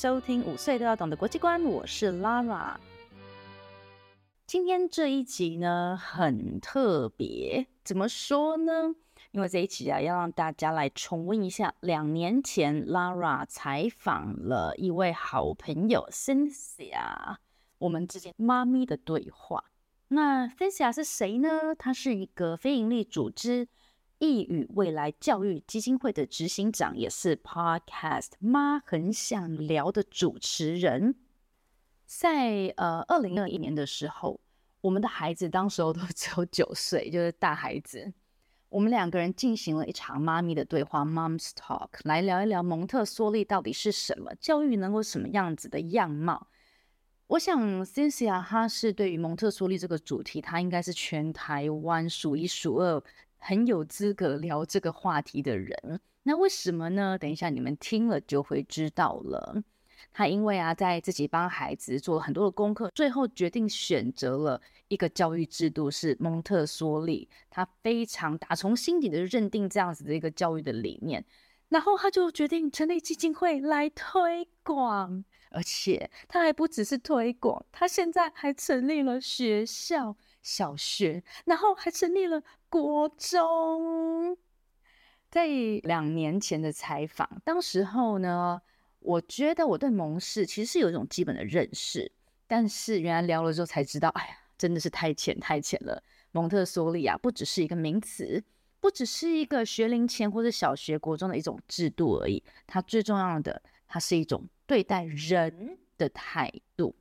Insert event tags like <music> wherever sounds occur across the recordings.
收聽五歲都要懂的國際觀，我是 Lara。今天這一集呢，很特別，怎麼說呢？因為這一集啊，要讓大家來重溫一下兩年前 Lara 採訪了一位好朋友 Cynthia，我們之間媽咪的對話。那 Cynthia 是誰呢？她是一個非營利組織意與未來教育基金會的執行長，也是 Podcast 媽很想聊的主持人，在呃二零二一年的時候，我們的孩子當時候都只有九歲，就是大孩子，我們兩個人進行了一場媽咪的對話 （Mom's Talk） 來聊一聊蒙特梭利到底是什麼教育能夠什麼樣子的樣貌。我想，Cynthia 她是對於蒙特梭利這個主題，她應該是全台灣數一數二。很有資格聊這個話題的人，那為什麼呢？等一下你們聽了就會知道了。他因為啊，在自己幫孩子做了很多的功課，最後決定選擇了一個教育制度是蒙特梭利。他非常打從心底的認定這樣子的一個教育的理念，然後他就決定成立基金會來推廣，而且他還不只是推廣，他現在還成立了學校。小學，然後還成立了國中。在兩年前的採訪，當時候呢，我覺得我對蒙氏其實是有一種基本的認識，但是原來聊了之後才知道，哎呀，真的是太淺太淺了。蒙特梭利啊，不只是一個名詞，不只是一個學齡前或者小學、國中的一種制度而已，它最重要的，它是一種對待人的態度。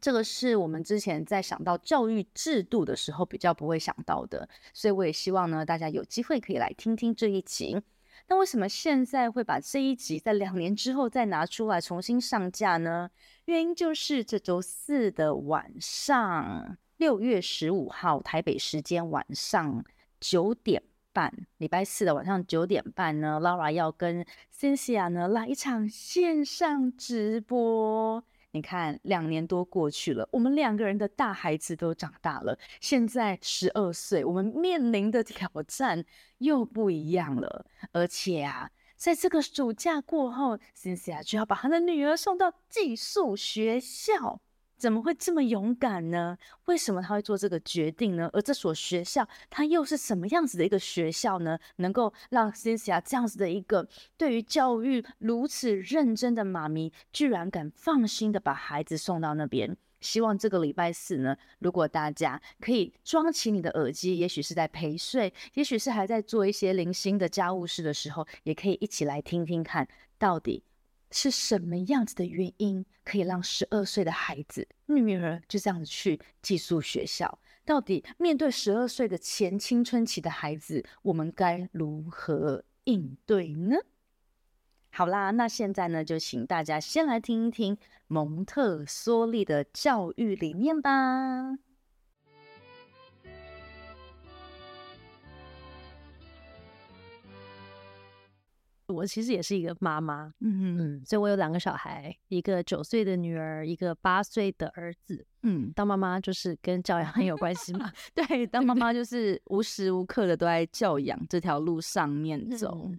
這個是我們之前在想到教育制度的時候比較不會想到的，所以我也希望呢，大家有機會可以來聽聽這一集。那為什麼現在會把這一集在兩年之後再拿出來重新上架呢？原因就是這周四的晚上，六月十五號台北時間晚上九點半，禮拜四的晚上九點半呢，Lara 要跟 Cynthia 呢來一場線上直播。你看，兩年多過去了，我們兩個人的大孩子都長大了，現在十二歲，我們面臨的挑戰又不一樣了。而且啊，在這個暑假過後，Cynthia 就要把她的女兒送到寄宿學校。怎麼會這麼勇敢呢？為什麼他會做這個決定呢？而這所學校，它又是什麼樣子的一個學校呢？能夠讓辛西亞這樣子的一個對於教育如此認真的媽咪，居然敢放心的把孩子送到那邊？希望這個禮拜四呢，如果大家可以裝起你的耳機，也許是在陪睡，也許是還在做一些零星的家務事的時候，也可以一起來聽聽看，到底，是什麼樣子的原因可以讓十二歲的孩子女兒就這樣子去寄宿學校？到底面對十二歲的前青春期的孩子，我們該如何應對呢？好啦，那現在呢，就請大家先來聽一聽蒙特梭利的教育理念吧。我其實也是一個媽媽，嗯嗯，所以我有兩個小孩，一個九歲的女兒，一個八歲的兒子。嗯，當媽媽就是跟教養很有關係嘛？ <laughs> 對，當媽媽就是無時無刻的都在教養這條路上面走。嗯、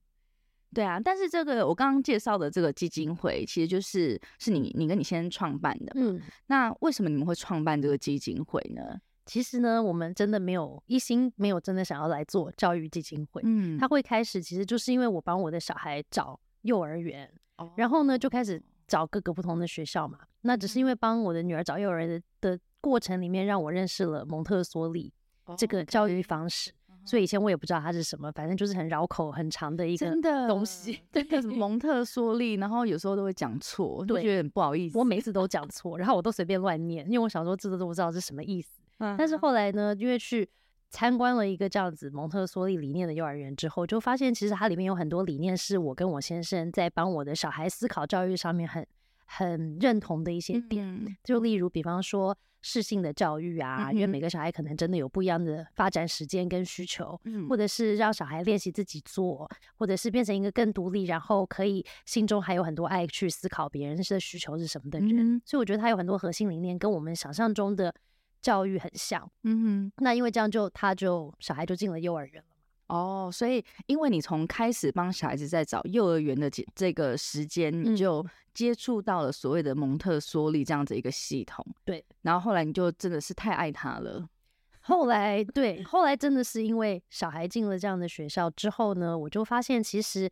對啊，但是這個我剛剛介紹的這個基金會，其實就是是你你跟你先創辦的，嗯，那為什麼你們會創辦這個基金會呢？其實呢，我們真的沒有一心沒有真的想要來做教育基金會。嗯，他會開始其實就是因為我幫我的小孩找幼兒園，哦、然後呢就開始找各個不同的學校嘛、嗯。那只是因為幫我的女兒找幼兒園的、的過程裡面，讓我認識了蒙特梭利這個教育方式。哦、okay, 所以以前我也不知道它是什麼，嗯、反正就是很繞口、很長的一個真的東西。呃、對，就是、蒙特梭利， <laughs> 然後有時候都會講錯，都覺得很不好意思。 <laughs> 我每次都講錯，然後我都隨便亂念，因為我小時候字都不知道是什麼意思。但是後來呢，因為去參觀了一個這樣子蒙特梭利理念的幼兒園之後，就發現其實它裡面有很多理念是我跟我先生在幫我的小孩思考教育上面很很認同的一些點。Mm -hmm. 就例如，比方說適性的教育啊，mm -hmm. 因為每個小孩可能真的有不一樣的發展時間跟需求，mm -hmm. 或者是讓小孩練習自己做，或者是變成一個更獨立，然後可以心中還有很多愛去思考別人的需求是什麼的人。Mm -hmm. 所以我覺得它有很多核心理念，跟我們想象中的。教育很像，嗯哼，那因為這樣就他就小孩就進了幼兒園了嘛。哦，所以因為你從開始幫小孩子在找幼兒園的這個時間，你就接觸到了所謂的蒙特梭利這樣子一個系統。對，嗯，然後後來你就真的是太愛他了。後來，對，後來真的是因為小孩進了這樣的學校之後呢，我就發現其實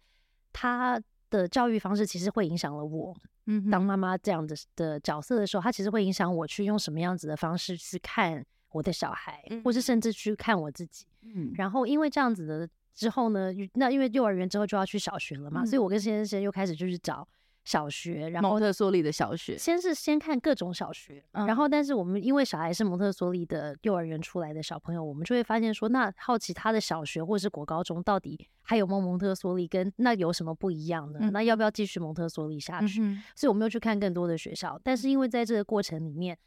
他的教育方式其實會影響了我。嗯，當媽媽這樣的的角色的時候，她其實會影響我去用什麼樣子的方式去看我的小孩，嗯、或是甚至去看我自己。嗯，然後因為這樣子的之後呢，那因為幼兒園之後就要去小學了嘛，嗯、所以我跟先生又開始就是找。小學，然後蒙特梭利的小學，先是先看各種小學，嗯，然後但是我們因為小孩是蒙特梭利的幼兒園出來的小朋友，我們就會發現說，那好奇他的小學或者是國高中到底還有沒有蒙特梭利跟那有什麼不一樣呢？嗯。那要不要繼續蒙特梭利下去？嗯、所以我們又去看更多的學校，但是因為在這個過程裡面，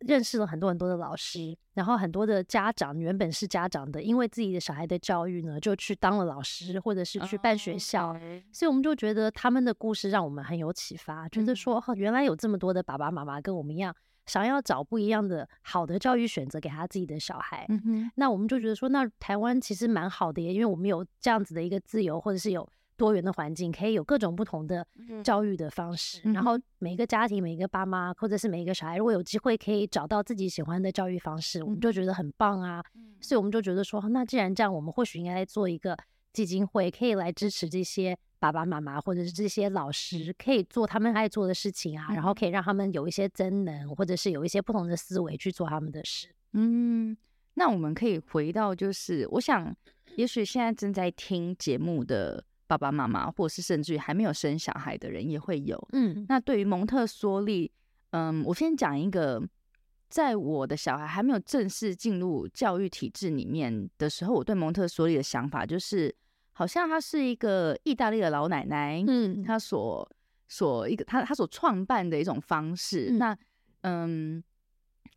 認識了很多很多的老師，嗯、然後很多的家長原本是家長的，因為自己的小孩的教育呢，就去當了老師，或者是去辦學校，Oh, okay. 所以我們就覺得他們的故事讓我們很有啟發，嗯、覺得說原來有這麼多的爸爸媽媽跟我們一樣，想要找不一樣的好的教育選擇給他自己的小孩。嗯哼、那我們就覺得說，那台灣其實蠻好的耶，因為我們有這樣子的一個自由，或者是有。多元的環境可以有各種不同的教育的方式，嗯，然後每一個家庭，每一個爸媽，或者是每一個小孩，如果有機會可以找到自己喜歡的教育方式，嗯、我們就覺得很棒啊，嗯。所以我們就覺得說，那既然這樣，我們或許應該來做一個基金會，可以來支持這些爸爸媽媽，或者是這些老師，嗯、可以做他們愛做的事情啊，嗯，然後可以讓他們有一些增能，或者是有一些不同的思維去做他們的事。嗯，那我們可以回到，就是我想，也許現在正在聽節目的。爸爸媽媽，或是，甚至於還沒有生小孩的人也會有，嗯。那對於蒙特梭利，嗯，我先講一個，在我的小孩還沒有正式進入教育體制裡面的時候，我對蒙特梭利的想法就是，好像他是一個意大利的老奶奶，嗯，他所所一個他他所創辦的一種方式，那嗯。那嗯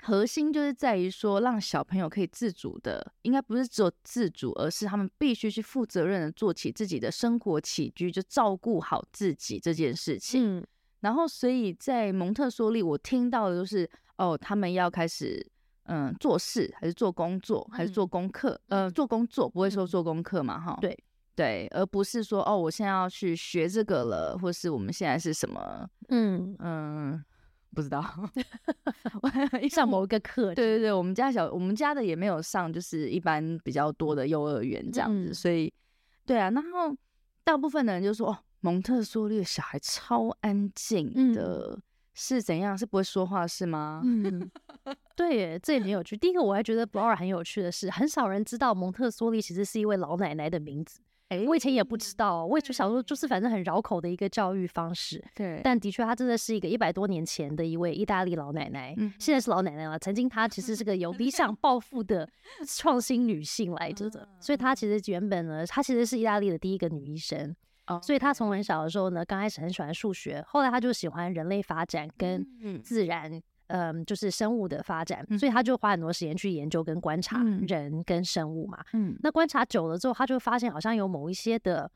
核心就是在於說，讓小朋友可以自主的，應該不是只有自主，而是他們必須去負責任的做起自己的生活起居，就照顧好自己這件事情。嗯、然後，所以在蒙特梭利，我聽到的都、就是哦，他們要開始嗯做事，還是做工作，還是做功課？嗯、呃，做工作不會說做功課嘛？哈、嗯，對對，而不是說哦，我現在要去學這個了，或是我們現在是什麼？嗯嗯。不知道，上某一個課？ <laughs> 對對對，我們家小我們家的也沒有上，就是一般比較多的幼兒園這樣子，嗯、所以對啊。然後大部分的人就說哦，蒙特梭利的小孩超安靜的。嗯，是怎樣？是不會說話是嗎？嗯、對耶，這也很有趣。 <laughs> 第一個我還覺得保爾很有趣的是，很少人知道蒙特梭利其實是一位老奶奶的名字。哎、欸，我以前也不知道，我以前小時候就是反正很繞口的一個教育方式，對，但的確，她真的是一個一百多年前的一位意大利老奶奶，嗯，現在是老奶奶了。曾經她其實是個有理想抱負的創新女性來着的， <laughs> 所以她其實原本呢，她其實是意大利的第一個女醫生，哦，所以她從很小的時候呢，剛開始很喜歡數學，後來她就喜歡人類發展跟自然。嗯嗯嗯，就是生物的發展，嗯、所以他就花很多時間去研究跟觀察人跟生物嘛。嗯，那觀察久了之後，他就發現好像有某一些的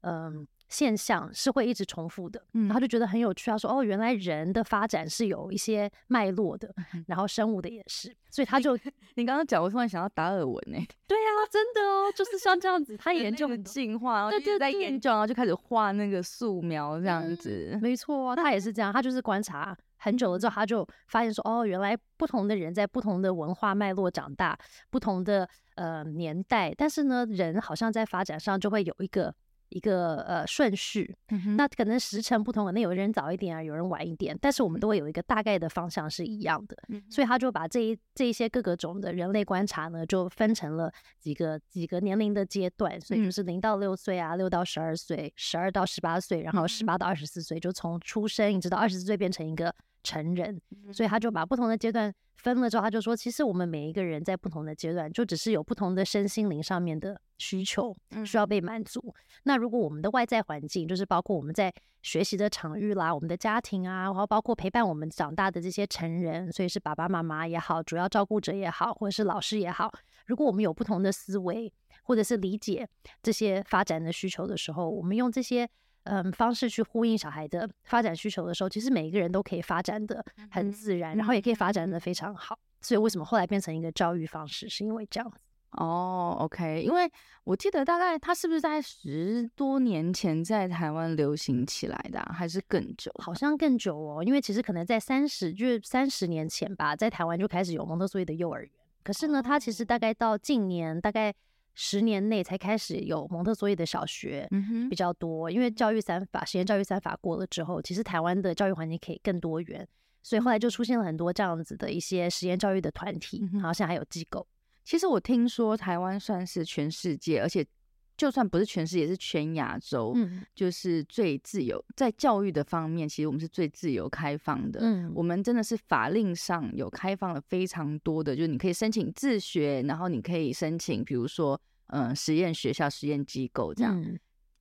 嗯現象是會一直重複的，嗯，然後他就覺得很有趣他、啊、說哦，原來人的發展是有一些脈絡的、嗯，然後生物的也是，所以他就你剛剛講，我突然想到達爾文呢。對啊，真的哦，就是像這樣子，他研究進 <laughs> 化，然後就在研究然後就開始畫那個素描這樣子，嗯、沒錯啊，他也是這樣，他就是觀察。 <laughs> 很久了之後，他就發現說：“哦，原來不同的人在不同的文化脈絡長大，不同的呃年代，但是呢，人好像在發展上就會有一個一個呃順序、嗯哼。那可能時辰不同，可能有人早一點啊，有人晚一點，但是我們都會有一個大概的方向是一樣的。嗯、所以他就把這一這一些各個種的人類觀察呢，就分成了幾個幾個年齡的階段，所以就是零到六歲啊，六到十二歲，十二到十八歲，然後十八到二十四歲、嗯，就從出生一直到二十四歲變成一個。”成人，所以他就把不同的階段分了之後，他就說，其實我們每一個人在不同的階段，就只是有不同的身心靈上面的需求需要被滿足。那如果我們的外在環境，就是包括我們在學習的場域啦，我們的家庭啊，然後包括陪伴我們長大的這些成人，所以是爸爸媽媽也好，主要照顧者也好，或者是老師也好，如果我們有不同的思維或者是理解這些發展的需求的時候，我們用這些。嗯，方式去呼應小孩的發展需求的時候，其實每一個人都可以發展的很自然，嗯，然後也可以發展的非常好。所以為什麼後來變成一個教育方式，是因為這樣子哦。Oh, OK，因為我記得大概他是不是在十多年前在台灣流行起來的，啊，還是更久？好像更久哦。因為其實可能在三十，就是三十年前吧，在台灣就開始有蒙特梭利的幼兒園。可是呢，他其實大概到近年，大概。十年內才開始有蒙特梭利的小學、嗯、比較多，因為教育三法，實驗教育三法過了之後，其實台灣的教育環境可以更多元，所以後來就出現了很多這樣子的一些實驗教育的團體，好、嗯、像還有機構。其實我聽說台灣算是全世界，而且就算不是全世界，也是全亞洲、嗯，就是最自由，在教育的方面，其實我們是最自由開放的。嗯、我們真的是法令上有開放了非常多的，就是你可以申請自學，然後你可以申請，比如說。嗯，實驗學校、實驗機構這樣、嗯、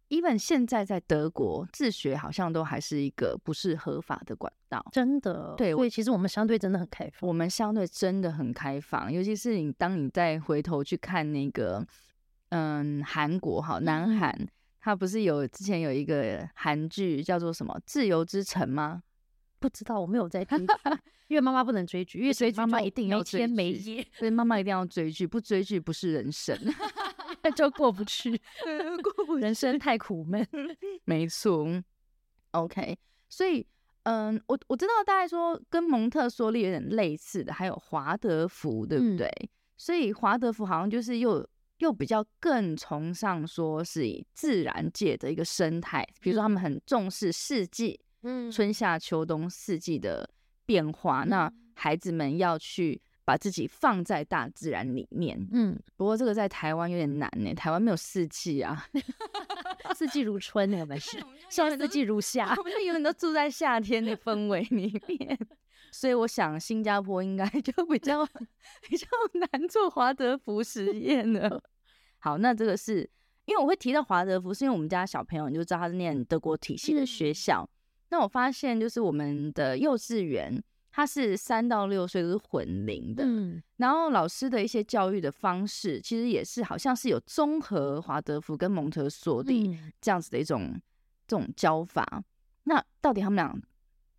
Even 現在在德國自學好像都還是一個不是合法的管道，真的。對，所以其實我們相對真的很開放。我，我們相對真的很開放，尤其是你當你再回頭去看那個，嗯，韓國哈，南韓、嗯，它不是有之前有一個韓劇叫做什麼《自由之城》嗎？不知道，我沒有在聽， <laughs> 因為媽媽不能追劇， <laughs> 因為 <laughs> 所以媽媽一定要沒天沒夜，對，媽媽一定要追劇， <laughs> 不追劇不是人生。 <laughs> <laughs> 就過不去， <laughs> 過不去笑人生太苦悶。 <laughs> 沒錯，OK，所以，嗯、呃，我我知道，大概說跟蒙特梭利有點類似的，還有華德福，對不對？嗯、所以華德福好像就是又又比較更崇尚說是以自然界的一個生態，比如說他們很重視四季，嗯，春夏秋冬四季的變化、嗯，那孩子們要去。把自己放在大自然裡面。嗯，不過這個在台灣有點難呢、欸，台灣沒有四季啊， <laughs> 四季如春、欸，我們事，上面四季如夏，哎、我們就永遠都住在夏天的氛圍裡面。 <laughs> 所以我想新加坡應該就比較比較難做華德福實驗了。 <laughs> 好，那這個是因為我會提到華德福，是因為我們家小朋友你就知道他是念德國體系的學校。嗯、那我發現就是我們的幼稚園。他是三到六歲都是混齡的、嗯，然後老師的一些教育的方式，其實也是好像是有綜合華德福跟蒙特梭利這樣子的一種、嗯、這種教法。那到底他們倆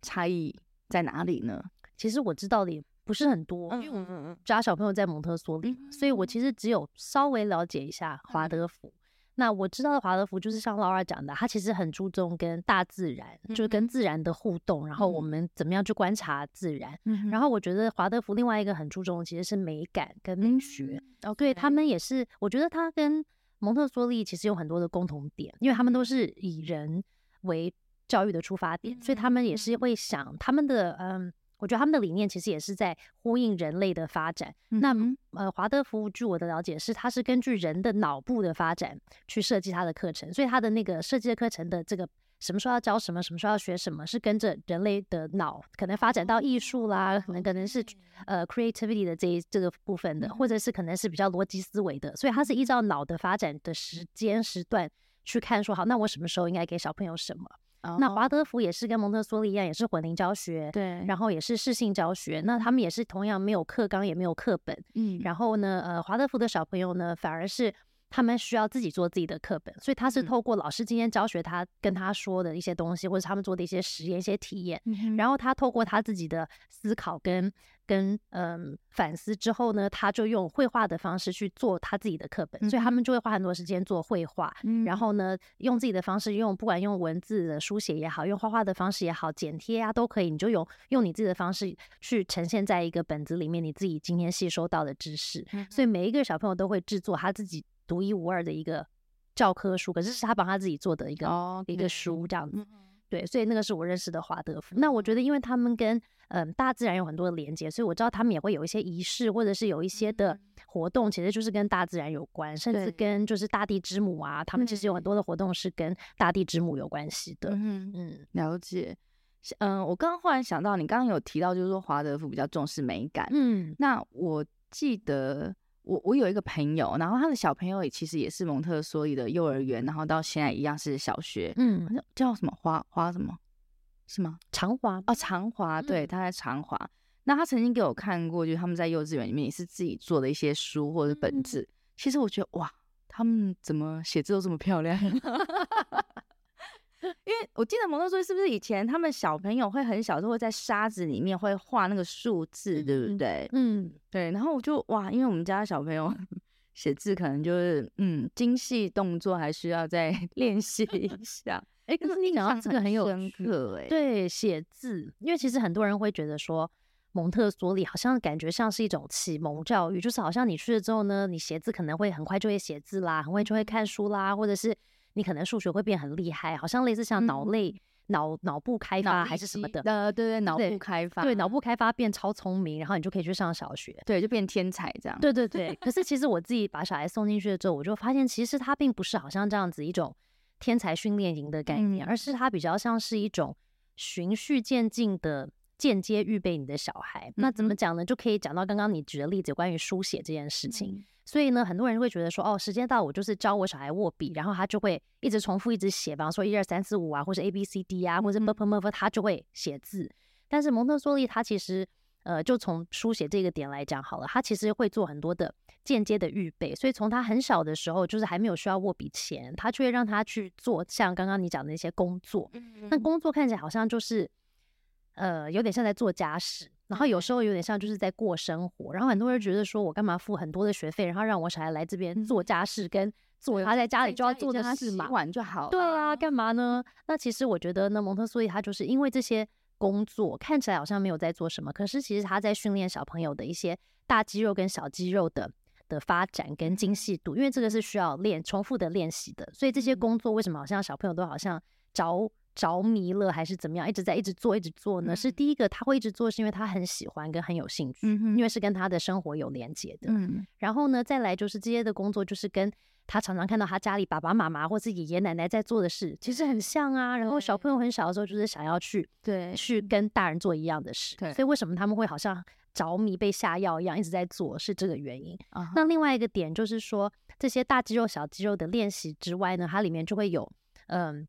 差異在哪裡呢？其實我知道的也不是很多，因為我家小朋友在蒙特梭利、嗯，所以我其實只有稍微了解一下華德福。嗯那我知道的華德福就是像 Lara 講的，他其實很注重跟大自然，嗯嗯，就是跟自然的互動，然後我們怎麼樣去觀察自然。嗯嗯，然後我覺得華德福另外一個很注重的，其實是美感跟美學。哦、嗯，okay. 對，他們也是，我覺得他跟蒙特梭利其實有很多的共同點，因為他們都是以人為教育的出發點，所以他們也是會想他們的嗯。我覺得他們的理念其實也是在呼應人類的發展。嗯、那呃，華德福據我的了解的是，它是根據人的腦部的發展去設計它的課程，所以它的那個設計的課程的這個什麼時候要教什麼，什麼時候要學什麼是跟着人類的腦可能發展到藝術啦，可、嗯、能可能是呃 creativity 的這一這個部分的、嗯，或者是可能是比較邏輯思維的，所以它是依照腦的發展的時間時段去看說，說好，那我什麼時候應該給小朋友什麼。那華德福也是跟蒙特梭利一樣，也是混齡教學，對，然後也是適性教學。那他們也是同樣沒有課綱，也沒有課本。嗯，然後呢，呃，華德福的小朋友呢，反而是。他們需要自己做自己的課本，所以他是透過老師今天教學，他跟他說的一些東西，嗯、或者他們做的一些實驗、一些體驗、嗯，然後他透過他自己的思考跟跟嗯、呃、反思之後呢，他就用繪畫的方式去做他自己的課本，所以他們就會花很多時間做繪畫、嗯，然後呢用自己的方式用，用不管用文字的書寫也好，用畫畫的方式也好，剪貼啊都可以，你就用用你自己的方式去呈現在一個本子裡面，你自己今天吸收到的知識，嗯、所以每一個小朋友都會製作他自己，獨一無二的一個教科書，可是是他幫他自己做的一個、oh, okay. 一個書這樣子，mm -hmm. 對，所以那個是我認識的華德福。Mm -hmm. 那我覺得，因為他們跟嗯大自然有很多的連接，所以我知道他們也會有一些儀式，或者是有一些的活動，mm -hmm. 其實就是跟大自然有關，甚至跟就是大地之母啊，mm -hmm. 他們其實有很多的活動是跟大地之母有關係的。嗯、mm -hmm. 嗯，了解。嗯，我剛剛忽然想到，你剛剛有提到，就是說華德福比較重視美感。嗯、mm -hmm.，那我記得。我我有一個朋友，然後他的小朋友也其實也是蒙特梭利的幼兒園，然後到現在一樣是小學，嗯，叫什麼花花，花什麼，是嗎？長華啊，長華，對，他在長華，嗯。那他曾經給我看過，就是他們在幼稚園裡面也是自己做的一些書或者本子，嗯。其實我覺得哇，他們怎麼寫字都這麼漂亮。 <laughs> <laughs> 因為我記得蒙特梭利是不是以前他們小朋友會很小時候會在沙子裡面會畫那個數字，對不對？嗯，嗯，對。然後我就哇，因為我們家小朋友寫字可能就是嗯精細動作還需要再練習一下。哎、欸，可是你講到這個很有很深刻哎、欸。對，寫字，因為其實很多人會覺得說蒙特梭利好像感覺像是一種啟蒙教育，就是好像你去了之後呢，你寫字可能會很快就會寫字啦，很快就會看書啦，或者是。你可能數學會變很厲害，好像類似像腦類腦腦部開發還是什麼的。呃，對對、對，腦部開發，對，腦部開發變超聰明，然後你就可以去上小學，對，就變天才這樣。對對對。 <laughs> 可是其實我自己把小孩送進去了之後，我就發現其實他並不是好像這樣子一種天才訓練營的概念，嗯，而是它比較像是一種循序漸進的。間接預備你的小孩，那怎麼講呢？就可以講到剛剛你舉的例子，關於書寫這件事情。嗯。所以呢，很多人會覺得說，哦，時間到，我就是教我小孩握筆，然後他就會一直重複一直寫，比方說一二三四五啊，或者 A B C D 啊，或者 M P M 麼，他就會寫字。但是蒙特梭利他其實，呃，就從書寫這個點來講好了，他其實會做很多的間接的預備。所以從他很小的時候，就是還沒有需要握筆前，他就會讓他去做像剛剛你講的那些工作。那工作看起來好像就是。呃，有點像在做家事，然後有時候有點像就是在過生活。嗯、然後很多人覺得說，我幹嘛付很多的學費，然後讓我小孩來這邊做家事跟、嗯，跟做他、嗯、在家裡就要做的事嘛。」就對啊，幹嘛呢、嗯？那其實我覺得，呢，蒙特梭利他就是因為這些工作看起來好像沒有在做什麼，可是其實他在訓練小朋友的一些大肌肉跟小肌肉的的發展跟精細度，因為這個是需要練重複的練習的。所以這些工作為什麼好像小朋友都好像着？着迷了還是怎麼樣？一直在一直做，一直做呢、嗯？是第一個，他會一直做，是因為他很喜歡跟很有興趣，嗯、因為是跟他的生活有連結的。嗯，然後呢，再來就是這些的工作，就是跟他常常看到他家裡爸爸媽媽或自己爺爺奶奶在做的事，其實很像啊。然後小朋友很小的時候，就是想要去對去跟大人做一樣的事。對，所以為什麼他們會好像着迷被下藥一樣一直在做，是這個原因、uh -huh。那另外一個點就是說，這些大肌肉小肌肉的練習之外呢，它裡面就會有嗯。呃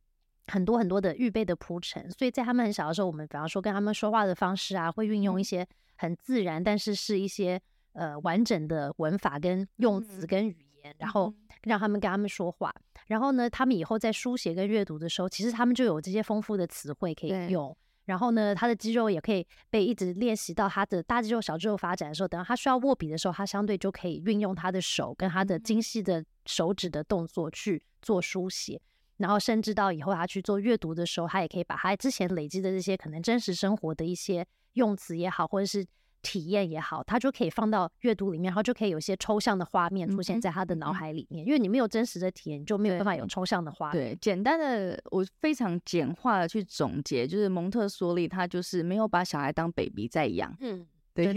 很多很多的預備的鋪陳，所以在他們很小的時候，我們比方說跟他們說話的方式啊，會運用一些很自然，但是是一些呃完整的文法跟用詞跟語言，然後讓他們跟他們說話。然後呢，他們以後在書寫跟閱讀的時候，其實他們就有這些豐富的詞彙可以用。然後呢，他的肌肉也可以被一直練習到他的大肌肉、小肌肉發展的時候，等到他需要握筆的時候，他相對就可以運用他的手跟他的精細的手指的動作去做書寫。然後甚至到以後他去做閱讀的時候，他也可以把他之前累積的這些可能真實生活的一些用詞也好，或者是體驗也好，他就可以放到閱讀裡面，然後就可以有一些抽象的畫面出現在他的腦海裡面。嗯、因為你沒有真實的體驗，你就沒有辦法有抽象的畫面。對，對，簡單的我非常簡化的去總結，就是蒙特梭利，他就是沒有把小孩當 baby 在養，嗯，對，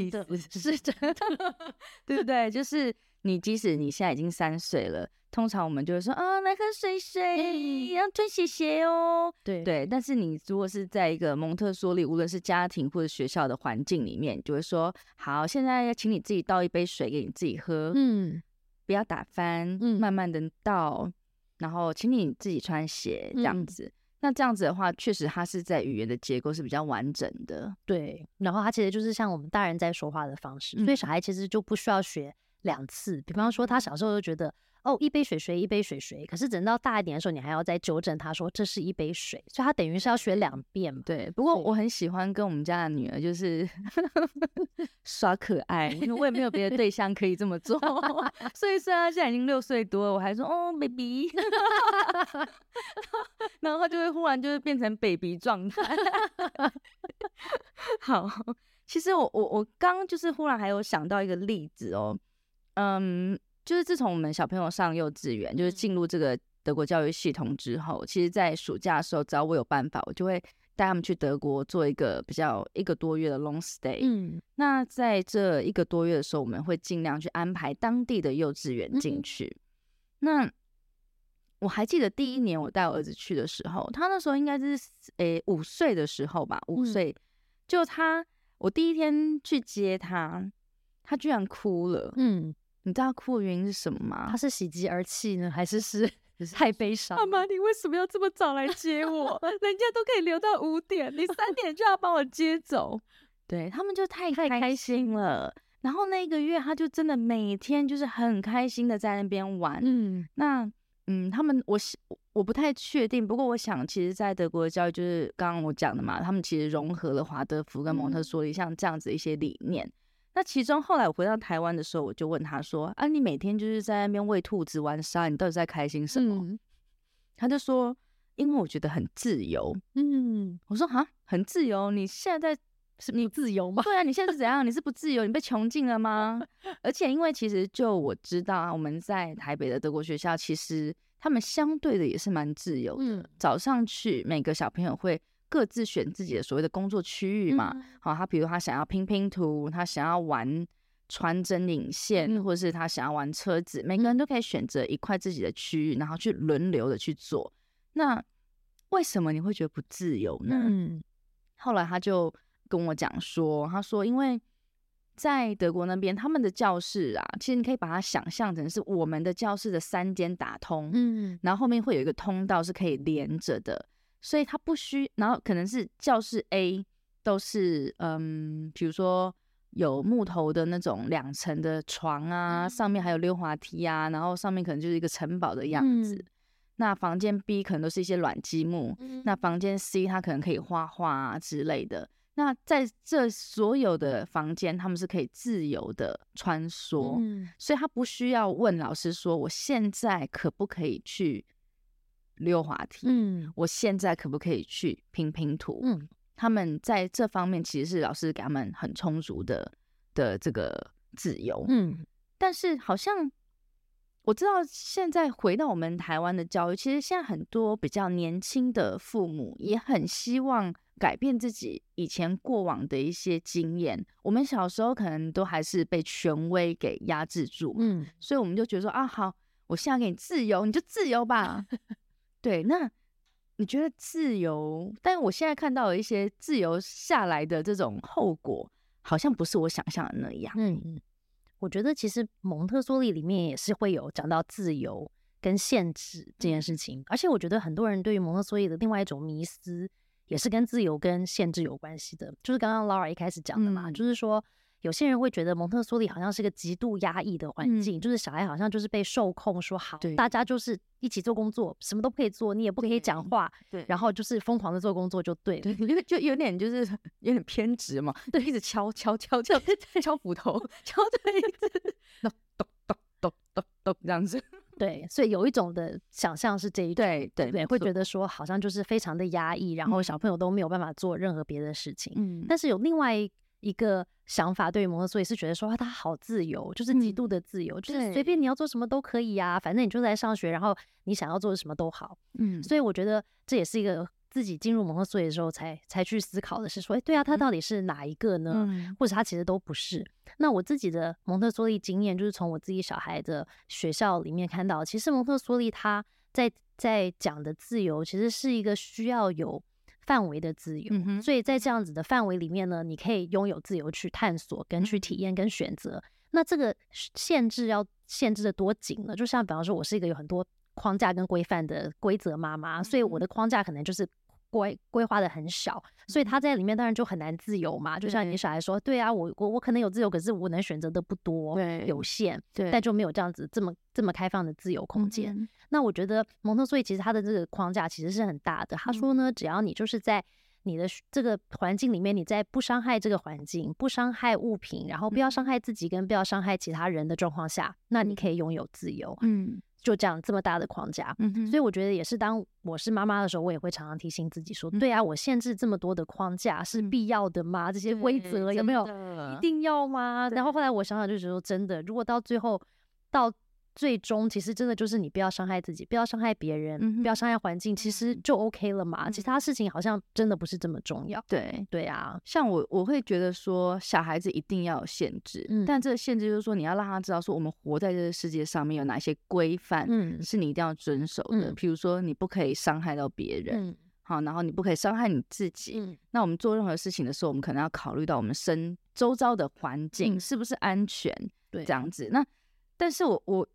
是是真的， <laughs> <laughs> 對不對？就是。你即使你現在已經三歲了，通常我們就會說啊，來喝水水，欸、要穿鞋鞋哦。對對，但是你如果是在一個蒙特梭利，無論是家庭或者學校的環境裡面，就會說好，現在要請你自己倒一杯水給你自己喝，嗯，不要打翻，嗯，慢慢的倒，嗯，然後請你自己穿鞋，這樣子，嗯。那這樣子的話，確實它是在語言的結構是比較完整的，對。然後它其實就是像我們大人在說話的方式，嗯、所以小孩其實就不需要學。兩次，比方說他小時候就覺得哦，一杯水水一杯水水。可是等到大一點的時候，你還要再糾正他說，這是一杯水，所以他等於是要學兩遍嘛。對，不過我很喜歡跟我們家的女兒就是耍可愛，因為我也沒有別的對象可以這麼做，所以雖然現在已經六歲多了，我還說哦，baby， <laughs> 然後他就會忽然就是變成 baby 狀態。 <laughs> 好，其實我我我剛就是忽然還有想到一個例子哦。嗯，就是自從我們小朋友上幼稚園，就是進入這個德國教育系統之後，其實，在暑假的時候，只要我有辦法，我就會帶他們去德國做一個比較一個多月的 long stay。嗯，那在這一個多月的時候，我們會盡量去安排當地的幼稚園進去。嗯，那我還記得第一年我帶我兒子去的時候，他那時候應該是誒五歲的時候吧，五歲，嗯，就他我第一天去接他，他居然哭了。嗯。你知道哭的原因是什麼嗎？他是喜極而泣呢，還是是太悲傷？媽、啊、媽，你為什麼要這麼早來接我？ <laughs> 人家都可以留到五點，你三點就要把我接走。 <laughs> 對，他們就太開心了。太開心了。然後那一個月，他就真的每天就是很開心的在那邊玩。嗯，那嗯，他們，我我不太確定。不過我想，其實，在德國的教育就是剛剛我講的嘛，他們其實融合了華德福跟蒙特梭利、嗯，像這樣子一些理念。那其中後來我回到台灣的時候，我就問他說：“啊，你每天就是在那邊餵兔子、玩沙，你到底在開心什麼？嗯。”他就說：“因為我覺得很自由。”嗯，我說：“啊，很自由？你現在是你自由嗎？”對啊，你現在是怎樣？ <laughs> 你是不自由？你被囚禁了嗎？ <laughs> 而且因為其實就我知道啊，我們在台北的德國學校，其實他們相對的也是蠻自由的。嗯，早上去每個小朋友會。各自選自己的所謂的工作區域嘛，嗯，好，他比如他想要拼拼圖，他想要玩穿針引線，嗯，或者是他想要玩車子，嗯，每個人都可以選擇一塊自己的區域，然後去輪流的去做。那為什麼你會覺得不自由呢？嗯，後來他就跟我講說，他說因為在德國那邊，他們的教室啊，其實你可以把它想象成是我們的教室的三間打通，嗯，然後後面會有一個通道是可以連着的。所以他不需，然後可能是教室 A 都是嗯，比如說有木頭的那種兩層的床啊、嗯，上面還有溜滑梯啊，然後上面可能就是一個城堡的樣子。嗯、那房間 B 可能都是一些軟積木、嗯，那房間 C 他可能可以畫畫啊之類的。那在這所有的房間，他們是可以自由的穿梭，嗯、所以他不需要問老師說我現在可不可以去溜滑梯，嗯，我現在可不可以去拼拼圖？嗯，他們在這方面其實是老師給他們很充足的的這個自由，嗯，但是好像我知道現在回到我們台灣的教育，其實現在很多比較年輕的父母也很希望改變自己以前過往的一些經驗。我們小時候可能都還是被權威給壓制住，嗯，所以我們就覺得說啊，好，我現在給你自由，你就自由吧。 <laughs> 對，那你覺得自由？但我現在看到有一些自由下來的這種後果，好像不是我想象的那樣。嗯嗯，我覺得其實蒙特梭利裡面也是會有講到自由跟限制這件事情，而且我覺得很多人對於蒙特梭利的另外一種迷思，也是跟自由跟限制有關係的，就是剛剛勞 a 一開始講的嘛，嗯、就是說。有些人會覺得蒙特梭利好像是個極度壓抑的環境，嗯、就是小孩好像就是被受控，說好，大家就是一起做工作，什麼都不可以做，你也不可以講話，然後就是瘋狂的做工作就對了，對，就有點就是有點偏執嘛，對，一直敲敲敲敲敲，敲斧頭，敲的一直咚咚咚咚咚咚這樣子，對，所以有一種的想象是這一種，對對對，會覺得說好像就是非常的壓抑，嗯，然後小朋友都沒有辦法做任何別的事情，嗯，但是有另外一。一個想法，對於蒙特梭利是覺得說，哇，他好自由，就是極度的自由。嗯，就是隨便你要做什麼都可以啊，反正你就在上學，然後你想要做什麼都好，嗯。所以我覺得這也是一個自己進入蒙特梭利的時候才才去思考的是說，哎，對啊，他到底是哪一個呢？嗯，或者他其實都不是。那我自己的蒙特梭利經驗就是從我自己小孩的學校裡面看到，其實蒙特梭利他在在講的自由，其實是一個需要有範圍的自由、嗯，所以在這樣子的範圍裡面呢，你可以擁有自由去探索、跟去體驗、跟選擇、嗯。那這個限制要限制得多緊呢？就像比方說，我是一個有很多框架跟規範的規則媽媽，所以我的框架可能就是。規規劃的很小，所以他在裡面當然就很難自由嘛。嗯、就像你小孩說，對啊，我我我可能有自由，可是我能選擇的不多，有限，對，但就沒有這樣子這麼這麼開放的自由空間。嗯、那我覺得蒙特梭利其實他的這個框架其實是很大的。他說呢、嗯，只要你就是在你的這個環境裡面，你在不傷害這個環境、不傷害物品，然後不要傷害自己跟不要傷害其他人的狀況下，那你可以擁有自由。嗯。就這樣這麼大的框架，嗯，所以我覺得也是，當我是媽媽的時候，我也會常常提醒自己說，嗯、對啊，我限制這麼多的框架、嗯、是必要的嗎？這些規則有沒有一定要嗎？然後後來我想想，就覺得說真的，如果到最後到。最終其實真的就是你不要傷害自己，不要傷害別人、嗯，不要傷害環境，其實就 OK 了嘛。其他事情好像真的不是這麼重要。對對啊，像我我會覺得說小孩子一定要有限制、嗯，但這個限制就是說你要讓他知道說我們活在這個世界上面有哪些規範，嗯，是你一定要遵守的。譬、嗯、如說你不可以傷害到別人、嗯，好，然後你不可以傷害你自己、嗯。那我們做任何事情的時候，我們可能要考慮到我們身周遭的環境、嗯、是不是安全，對，這樣子。那但是我我。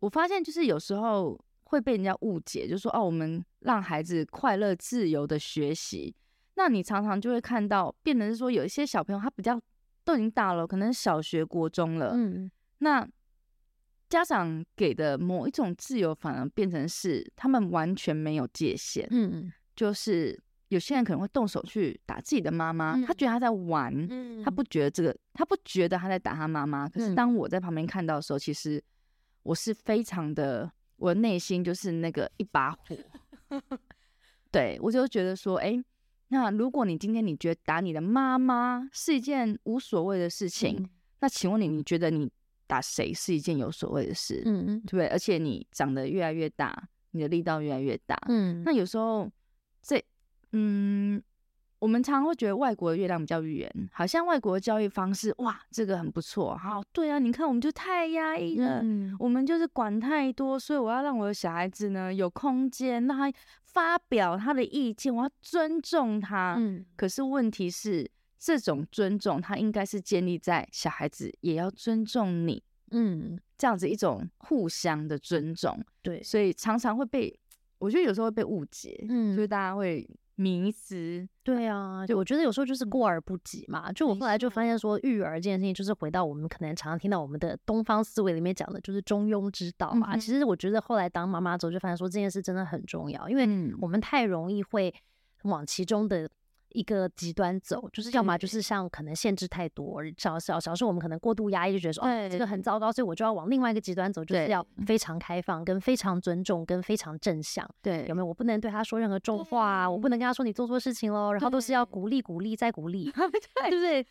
我發現就是有時候會被人家誤解，就是說哦、啊，我們讓孩子快樂自由的學習，那你常常就會看到，變成是說有一些小朋友他比較都已經大了，可能小學、國中了，嗯，那家長給的某一種自由，反而變成是他們完全沒有界限，就是有些人可能會動手去打自己的媽媽，他覺得他在玩，他不覺得這個，他不覺得他在打他媽媽，可是當我在旁邊看到的時候，其實。我是非常的，我內心就是那個一把火， <laughs> 對，我就覺得說，哎、欸，那如果你今天你覺得打你的媽媽是一件無所謂的事情、嗯，那請問你，你覺得你打誰是一件有所謂的事？嗯嗯，對不對？而且你長得越來越大，你的力道越來越大，嗯，那有時候這，嗯。我們常會覺得外國的月亮比較圓，好像外國的教育方式，哇，這個很不錯。好、哦，對啊，你看我們就太壓抑了，Yeah. 我們就是管太多，所以我要讓我的小孩子呢有空間，讓他發表他的意見，我要尊重他、嗯。可是問題是，這種尊重他應該是建立在小孩子也要尊重你，嗯，這樣子一種互相的尊重。對，所以常常會被我覺得有時候會被誤解，嗯，所以大家會。名詞，對啊，就就，我覺得有時候就是過而不及嘛。就我後來就發現說，育兒這件事情就是回到我們可能常常聽到我們的東方思維裡面講的，就是中庸之道嘛、嗯。其實我覺得後來當媽媽之後，就發現說這件事真的很重要，因為我們太容易會往其中的一個極端走，就是要麼就是像可能限制太多，小小小時候我們可能過度壓抑，就覺得說哦這個很糟糕，所以我就要往另外一個極端走，就是要非常開放、跟非常尊重、跟非常正向，對有沒有？我不能對他說任何重話、啊，我不能跟他說你做錯事情嘍，然後都是要鼓勵、鼓勵再鼓勵，對不對，對？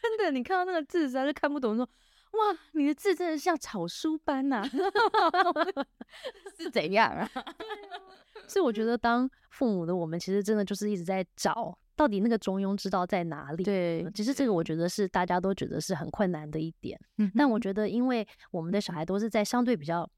真的，你看到那個字實在是看不懂，說 <laughs> 哇你的字真的像草書般吶、啊， <laughs> <laughs> 是怎樣啊？ <laughs> 所以我覺得當父母的我們，其實真的就是一直在找。到底那個中庸之道在哪裡？對，其實這個我覺得是大家都覺得是很困難的一點。嗯、但我覺得，因為我們的小孩都是在相對比較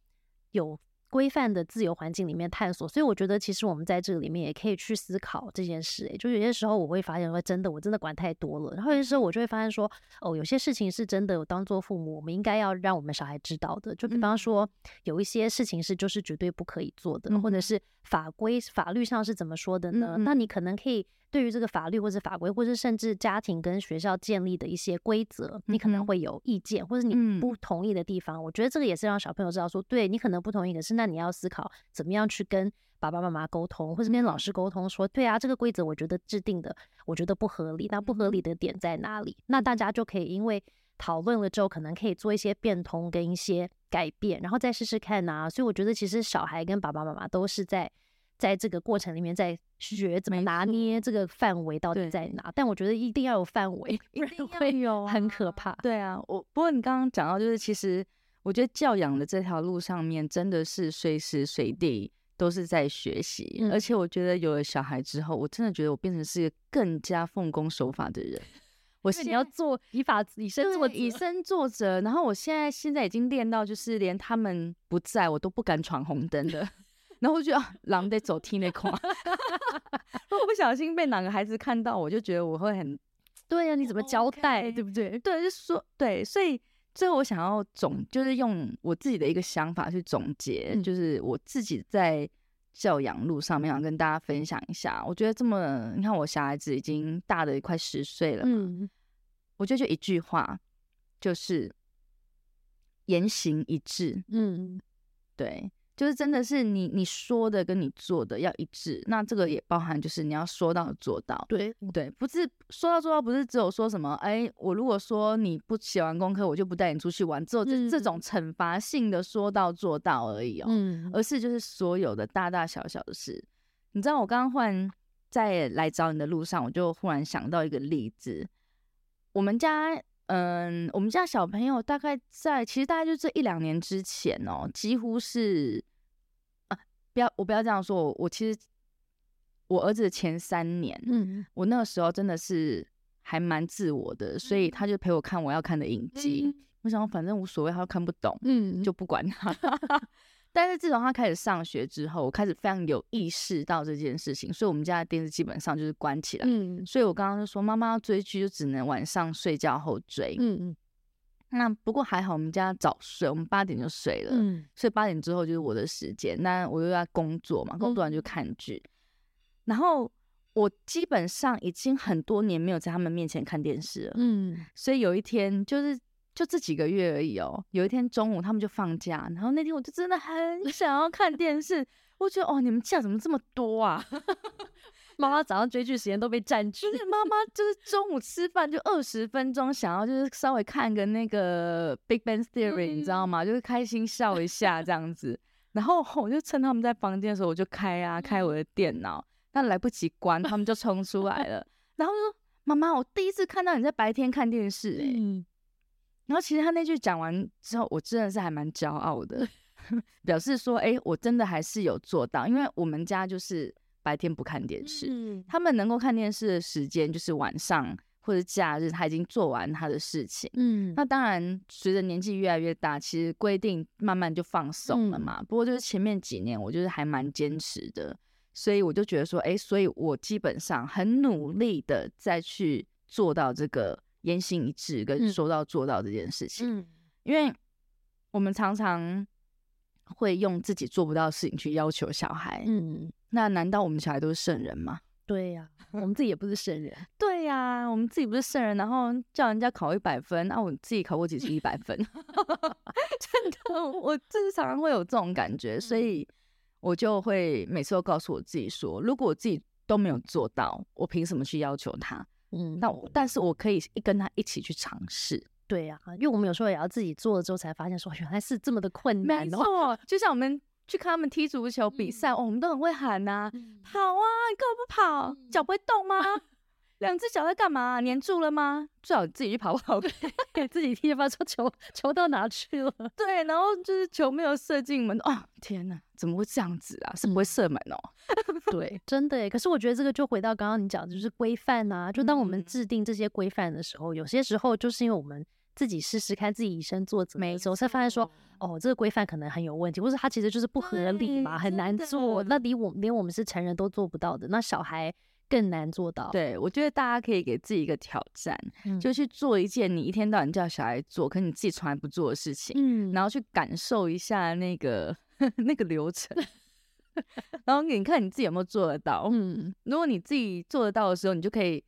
有規範的自由環境裡面探索，所以我覺得其實我們在這裡面也可以去思考這件事、欸。就有些時候我會發現說，真的，我真的管太多了。然後有些時候我就會發現說，哦，有些事情是真的，我當做父母，我們應該要讓我們小孩知道的。就比方說，有一些事情是就是絕對不可以做的，嗯、或者是法規法律上是怎麼說的呢？嗯、那你可能可以。對於這個法律或是法規，或是甚至家庭跟學校建立的一些規則，你可能會有意見，或是你不同意的地方，我覺得這個也是讓小朋友知道說，對你可能不同意，可是那你要思考怎麼樣去跟爸爸媽媽溝通，或是跟老師溝通，說對啊，這個規則我覺得制定的，我覺得不合理，那不合理的點在哪裡？那大家就可以因為討論了之後，可能可以做一些變通跟一些改變，然後再試試看啊。所以我覺得其實小孩跟爸爸媽媽都是在。在這個過程裡面，在學怎麼拿捏這個範圍到底在哪，但我覺得一定要有範圍，不然會有很可怕、啊。對啊，我不過你剛剛講到，就是其實我覺得教養的這條路上面，真的是隨時隨地都是在學習、嗯。而且我覺得有了小孩之後，我真的覺得我變成是一個更加奉公守法的人。我是你要做以法以身作以身作則，然後我現在現在已經練到，就是連他們不在我都不敢闖紅燈的。然後就狼得走 T 那塊，不小心被哪個孩子看到，我就覺得我會很，對呀、啊，你怎麼交代，Okay. 對不對？對，就說對，所以最後我想要總就是用我自己的一個想法去總結，嗯、就是我自己在教養路上面，想跟大家分享一下。我覺得這麼，你看我小孩子已經大了快十歲了嘛，嗯，我覺得就一句話，就是言行一致，嗯，對。就是真的是你你說的跟你做的要一致，那這個也包含就是你要說到做到。對對，不是說到做到，不是只有說什麼，哎、欸，我如果說你不寫完功課，我就不帶你出去玩，之後就這種懲罰性的說到做到而已哦、喔嗯。而是就是所有的大大小小的事，你知道，我剛剛忽然在來找你的路上，我就忽然想到一個例子，我們家。嗯，我們家小朋友大概在，其實大概就這一兩年之前哦，幾乎是，啊，不要，我不要這樣說，我其實我兒子前三年，嗯，我那個時候真的是還蠻自我的，所以他就陪我看我要看的影集，嗯，我想反正無所謂，他看不懂，嗯，就不管他。 <laughs> 但是自從他開始上學之後，我開始非常有意識到這件事情，所以我們家的電視基本上就是關起來。嗯，所以我剛剛就說，媽媽要追劇就只能晚上睡覺後追。嗯嗯。那不過還好，我們家早睡，我們八點就睡了。嗯，所以八點之後就是我的時間。那我又要工作嘛，工作完就看劇。嗯。然後我基本上已經很多年沒有在他們面前看電視了。嗯，所以有一天就是。就這幾個月而已哦。有一天中午他們就放假，然後那天我就真的很想要看電視。 <laughs> 我覺得哦，你們假怎麼這麼多啊？媽 <laughs> 媽早上追劇時間都被佔據。就是媽媽就是中午吃飯就二十分鐘，想要就是稍微看個那個 Big Bang Theory， <laughs> 你知道嗎？就是開心笑一下這樣子。 <laughs> 然後我就趁他們在房間的時候，我就開啊 <laughs> 開我的電腦，但來不及關，他們就衝出來了。 <laughs> 然後就說：“媽媽，我第一次看到你在白天看電視欸。 <laughs> ”然後其實他那句講完之後，我真的是還蠻驕傲的， <laughs> 表示說，哎、欸，我真的還是有做到，因為我們家就是白天不看電視，嗯、他們能夠看電視的時間就是晚上或者假日，他已經做完他的事情。嗯，那當然隨着年紀越來越大，其實規定慢慢就放鬆了嘛。嗯、不過就是前面幾年，我就是還蠻堅持的，所以我就覺得說，哎、欸，所以我基本上很努力的再去做到這個。言行一致，跟說到做到這件事情，嗯嗯。因為我們常常會用自己做不到的事情去要求小孩。嗯，那難道我們小孩都是聖人嗎？對呀，啊，我們自己也不是聖人。 <laughs> 對呀，啊，我們自己不是聖人，然後叫人家考一百分，那，啊，我自己考過幾次一百分？ <laughs> <laughs> 真的，我經常會有這種感覺，所以我就會每次都告訴我自己說：如果我自己都沒有做到，我憑什麼去要求他？嗯，那我但是我可以跟他一起去嘗試，對啊，因為我們有時候也要自己做了之後才發現，說原來是這麼的困難的話。沒錯，就像我們去看他們踢足球比賽，嗯哦，我們都很會喊吶、啊嗯，跑啊，你幹嘛不跑？腳、嗯、不會動嗎、啊？兩隻腳在幹嘛？啊，黏住了嗎？最好你自己去跑跑，給 <laughs> <laughs> 自己貼發說，球球到哪去了？ <laughs> 對，然後就是球沒有射進門。哦，天哪，怎麼會這樣子啊？是不會射門哦？ <laughs> 對，真的。可是我覺得這個就回到剛剛你講的，就是規範啊。就當我們制定這些規範的時候，嗯、有些時候就是因為我們自己試試看，自己以身作則，次、嗯、我才發現說哦，這個規範可能很有問題，或者它其實就是不合理嘛，很難做。那離我連我們是成人都做不到的，那小孩更難做到。對，我覺得大家可以給自己一個挑戰，嗯、就是、去做一件你一天到晚叫小孩做，可是你自己從來不做的事情、嗯，然後去感受一下那個呵呵那個流程， <laughs> <laughs> 然後你看你自己有沒有做得到、嗯？如果你自己做得到的時候，你就可以。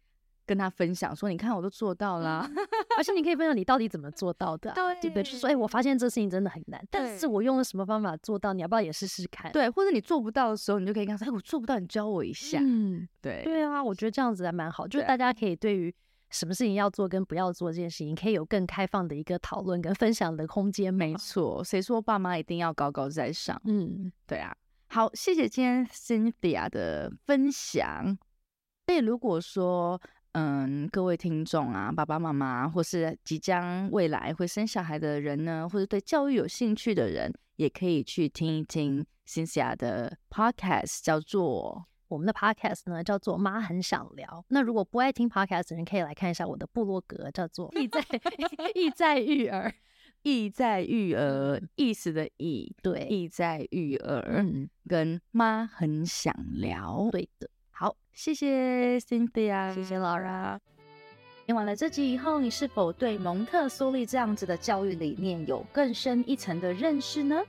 跟他分享說：“你看，我都做到了、嗯， <laughs> 而且你可以分享你到底怎麼做到的、啊。 <laughs> ”對，對，就是說，哎、欸，我發現這事情真的很難，但是我用了什麼方法做到？你要不要也試試看？對，或者你做不到的時候，你就可以告訴他：“哎，我做不到，你教我一下。”嗯，對，對啊，我覺得這樣子還蠻好，就是大家可以對於什麼事情要做跟不要做這件事情，可以有更開放的一個討論跟分享的空間。沒錯，誰說爸媽一定要高高在上？嗯，對啊。好，謝謝今天 Cynthia 的分享。所以如果說，嗯，各位聽眾啊，爸爸媽媽，或是即將未來會生小孩的人呢，或是對教育有興趣的人，也可以去聽一聽 Cynthia 的 podcast，叫做我們的 podcast 呢，叫做“媽很想聊”。那如果不愛聽 podcast 人，可以來看一下我的部落格，叫做“意在 <laughs> 意在育兒，意在育兒，意思的意”，對，“對意在育兒、嗯”，跟媽很想聊，對的。好，謝謝 Cynthia，謝謝 Lara。聽完了這集以後，你是否對蒙特梭利這樣子的教育理念有更深一層的認識呢？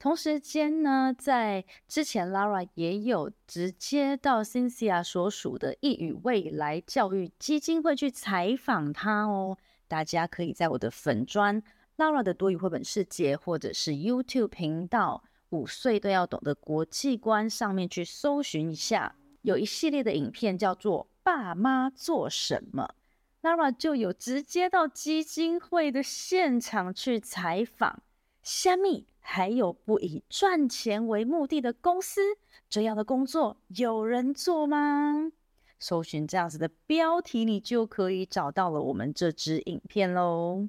同時間呢，在之前 Lara 也有直接到 Cynthia 所屬的“一語未來教育基金會”去採訪她哦。大家可以在我的粉專 Lara 的多語繪本世界，或者是 YouTube 頻道“五歲都要懂的國際觀”上面去搜尋一下。有一系列的影片叫做《爸媽做什麼》，Lara 就有直接到基金會的現場去採訪。蝦米，還有不以賺錢為目的的公司，這樣的工作有人做嗎？搜尋這樣子的標題，你就可以找到了我們這支影片嘍。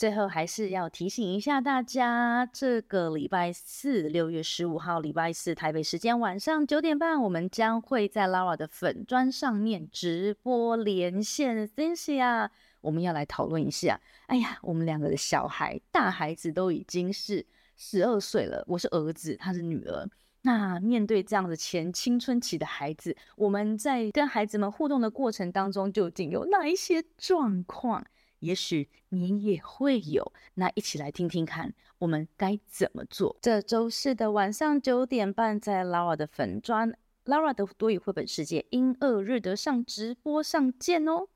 最後還是要提醒一下大家，這個禮拜四，六月十五號，禮拜四台北時間晚上九點半，我們將會在 Lara 的粉專上面直播連線。謝謝啊，我們要來討論一下。哎呀，我們兩個的小孩，大孩子都已經是十二歲了，我是兒子，她是女兒。那面對這樣的前青春期的孩子，我們在跟孩子們互動的過程當中，究竟有哪一些狀況？也許你也會有，那一起來聽聽看，我們該怎麼做？這周四的晚上九點半，在 Lara 的粉專 Lara 的多語繪本世界英俄日德上直播上見哦。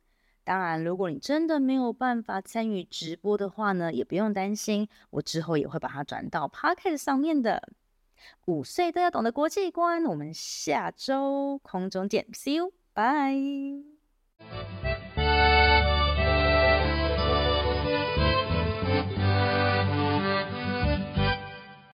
當然，如果你真的沒有辦法參與直播的話呢，也不用擔心，我之後也會把它轉到 Podcast 上面的。五歲都要懂的國際觀，我們下周空中見，See you，bye。